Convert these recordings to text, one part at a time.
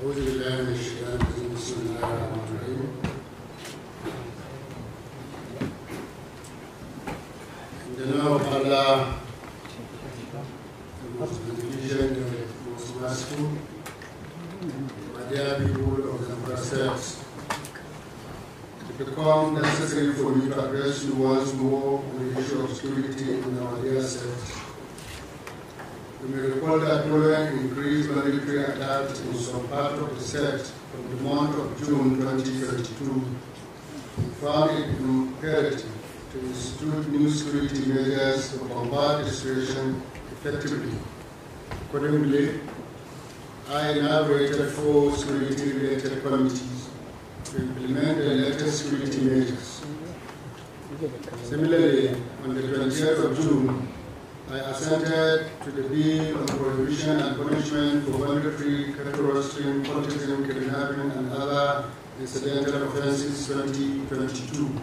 أعوذ بالله من الشيطان الرجيم بسم الله الرحمن الرحيم عندنا Allah the most and most people become necessary for me to address once more the issue of security in our dear selves that hatua increase military attacks in some part of the set from the month of June 2022 found it imperative to institute new security measures to combat the situation effectively. Accordingly, I inaugurated four security-related committees to implement the latest security measures. Similarly, on the 20th of June, I assented to the bill on prohibition and punishment for mandatory terrorism, cultism, kidnapping, and other incidental offenses 2022.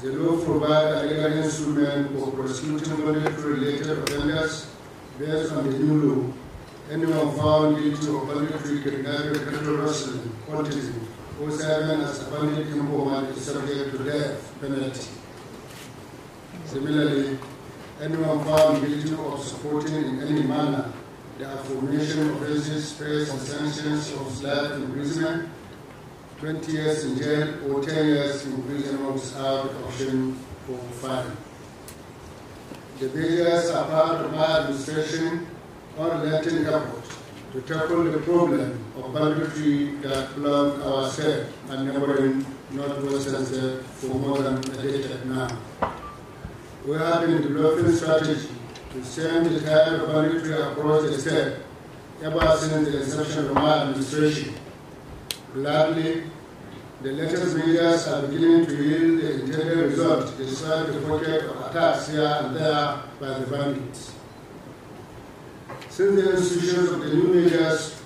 The law provides a legal instrument for prosecuting mandatory-related offenders based on the new law. Anyone found guilty of mandatory kidnapping, terrorism, cultism, or serving as a bandit informant is subject to death penalty. Similarly, anyone found guilty of supporting in any manner the affirmation of racist space and sanctions of life imprisonment, 20 years in jail, or 10 years in prison without option for fine. The various are part of my administration unrelenting effort to tackle the problem of banditry that plagued our state and neighboring northwestern state for more than a decade now we have been developing strategy to stem the tide of banditry across the state ever since the inception of my administration. Gladly, the latest measures are beginning to yield the intended result despite the pocket of attacks here and there by the bandits. Since the institution of the new measures,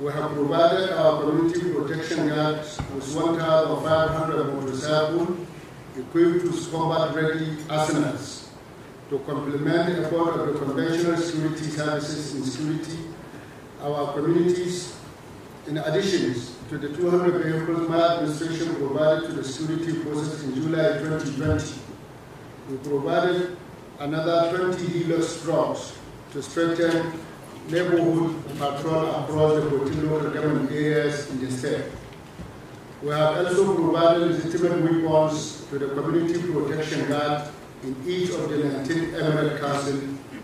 we have provided our community protection guards with 1,500 motorcycles equipped with combat-ready arsenals to complement the effort of the conventional security services in security our communities. In addition to the 200 vehicles my administration provided to the security forces in July 2020, we provided another 20 vehicles to strengthen neighborhood patrol across the Portillo government areas in the state. We have also provided legitimate weapons to the Community Protection Guard in each of the 19 Emirate Council,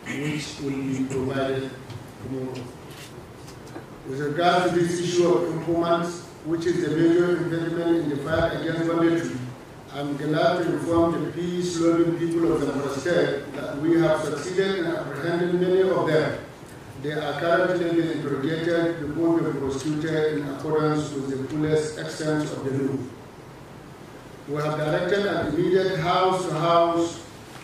which will be provided tomorrow. With regard to this issue of informants, which is the major impediment in the fight against banditry, I'm glad to inform the peace-loving people of the State that we have succeeded in apprehending many of them they are currently being interrogated before the prosecutor in accordance with the fullest extent of the law. We have directed an immediate house-to-house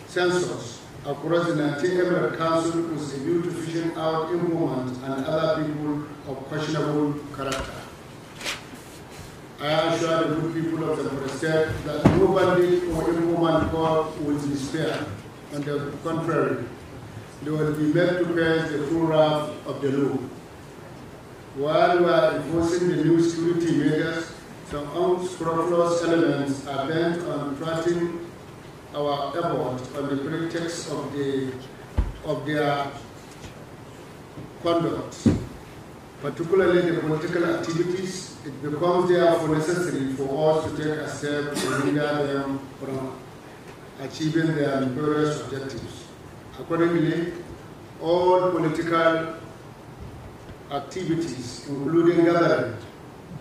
census across the 19 Emirate Council with a view to fishing out informants and other people of questionable character. I assure the good people of the Protestant that no bandit or informant corps will be spared. On the contrary, they will be met to face the full wrath of the law. While we are enforcing the new security measures, some unscrupulous elements are bent on thrusting our efforts on the pretext of, the, of their conduct, particularly the political activities. It becomes therefore necessary for us to take a step to hinder them from achieving their imperious objectives. Accordingly, all political activities, including gatherings,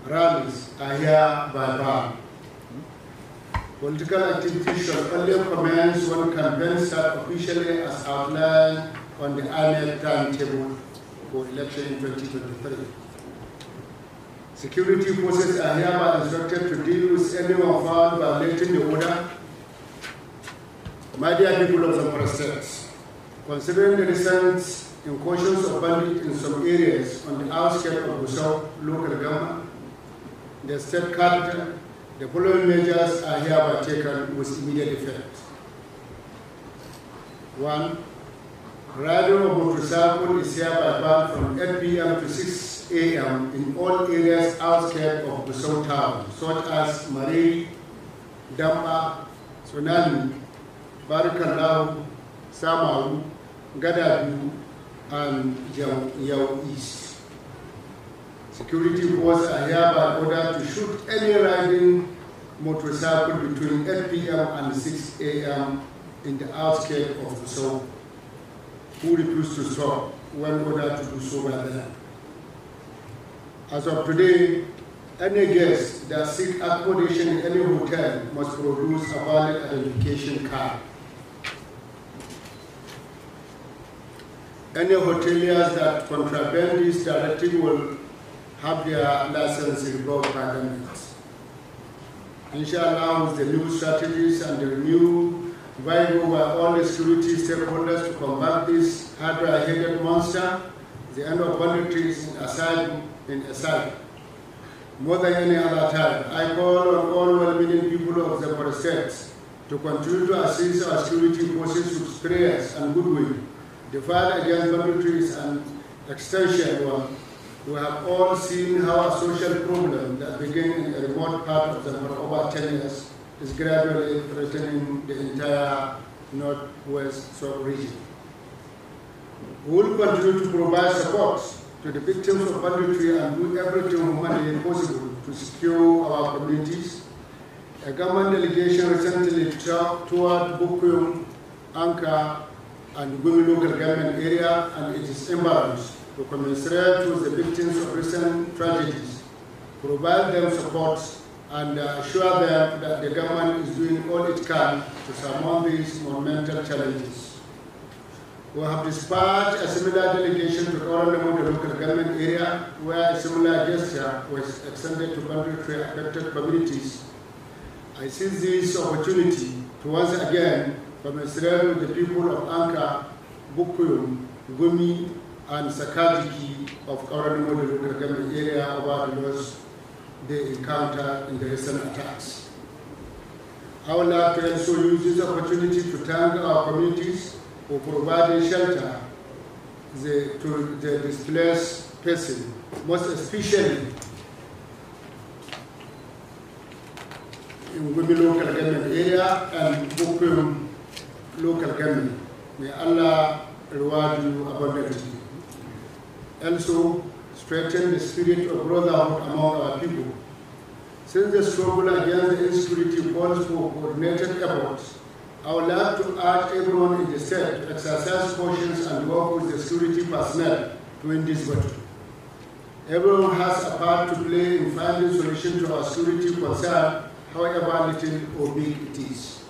rallies, are hereby banned. Political activities shall only commence when convinced that officially as outlined on the annual timetable for election in 2023. Security forces are hereby instructed to deal with anyone found violating the order. My dear people of the process. Considering the recent incursions of bandits in some areas on the outskirts of Gusau local government, the state capital, the following measures are hereby taken with immediate effect. One, radio motorcycle is hereby banned from 8 p.m. to 6 a.m. in all areas outskirts of Gusau town, such as Marie, Dampa, Tsunami, Barakalau, Samaru, Gadabu and Yao East. Security forces are hereby ordered to shoot any riding motorcycle between 8 p.m. and 6 a.m. in the outskirts of the zone. who refuse to stop when ordered to do so by them. As of today, any guest that seeks accommodation in any hotel must produce a valid identification card. any hoteliers that contravene this directive will have their license revoked by governments. Inshallah, with the new strategies and the new we by all the security stakeholders to combat this hydra-headed monster, the end of banditry is in aside, in aside. More than any other time, I call on all well-meaning people of the state to continue to assist our security forces with prayers and goodwill the fight against bamboo and extension one, we have all seen how a social problem that began in a remote part of the world over 10 years is gradually threatening the entire northwest sub region. We will continue to provide support to the victims of banditry and do everything humanly possible to secure our communities. A government delegation recently traveled toward Bukuyum, Ankara, and Gumi local government area and its important to commiserate with the victims of recent tragedies, provide them support, and assure them that the government is doing all it can to surmount these monumental challenges. We have dispatched a similar delegation to Orolemon, the local government area, where a similar gesture was extended to country affected communities. I seize this opportunity to once again Israel, the people of Anka, Bukuyum, Gumi, and Sakajiki of Kauranimodu local area about the loss they encounter in the recent attacks. I would like to also use this opportunity to thank our communities for providing shelter the, to the displaced person, most especially in Gumi local government area and Bukum local government. May Allah reward you abundantly. Also, strengthen the spirit of brotherhood among our people. Since the struggle against insecurity calls for coordinated efforts, I would like to ask everyone in the state to exercise patience and work with the security personnel to end this battle. Everyone has a part to play in finding solution to our security concern, however little or big it is.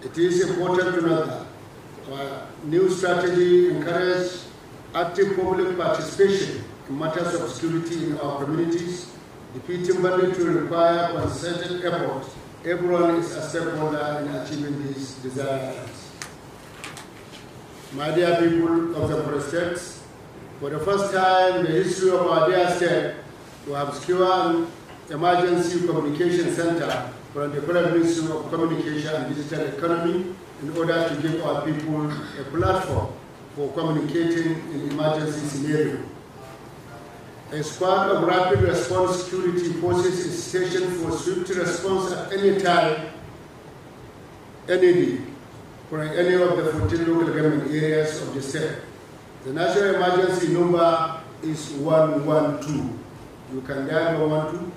It is important to note that our new strategy encourages active public participation in matters of security in our communities, defeating banditry require concerted effort. Everyone is a stakeholder in achieving these desires. My dear people of the Forest for the first time in the history of our dear state, we have secured Emergency Communication Center from the Federal Ministry of Communication and Digital Economy in order to give our people a platform for communicating in emergency scenario. A squad of rapid response security forces is stationed for swift response at any time, any day, for any of the 14 local government areas of the state. The national emergency number is 112. You can dial 112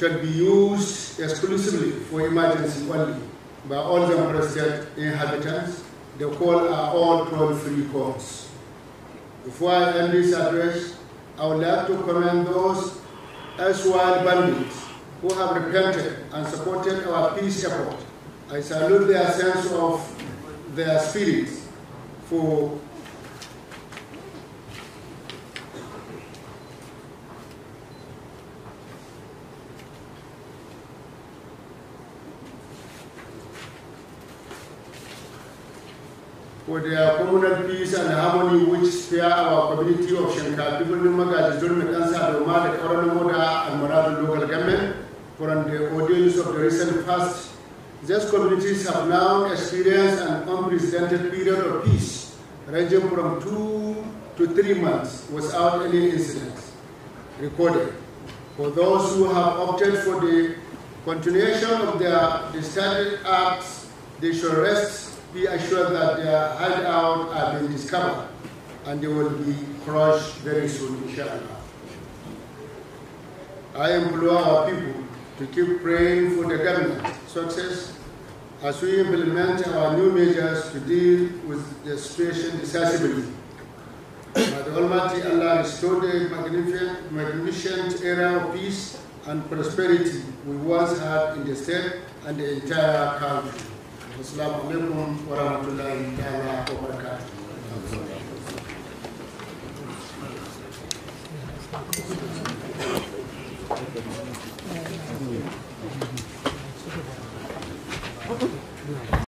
should be used exclusively for emergency only by all the State inhabitants. The call are all toll-free calls. Before I end this address, I would like to commend those S-1 bandits who have repented and supported our peace effort. I salute their sense of their spirit for for their communal peace and harmony which spare our community of Shankar people Magaji Zulma Kansa Doma, the Corona Moda and Morado local government for the audience of the recent past. These communities have now experienced an unprecedented period of peace ranging from two to three months without any incidents recorded. For those who have opted for the continuation of their decided acts, they should rest be assured that their hideout are been discovered and they will be crushed very soon, inshallah. I implore our people to keep praying for the government success as we implement our new measures to deal with the situation decisively. May the Almighty Allah restore the magnificent, magnificent era of peace and prosperity we once had in the state and the entire country. assalaamu aleykum wa rahmatullahi taala wa barakaatu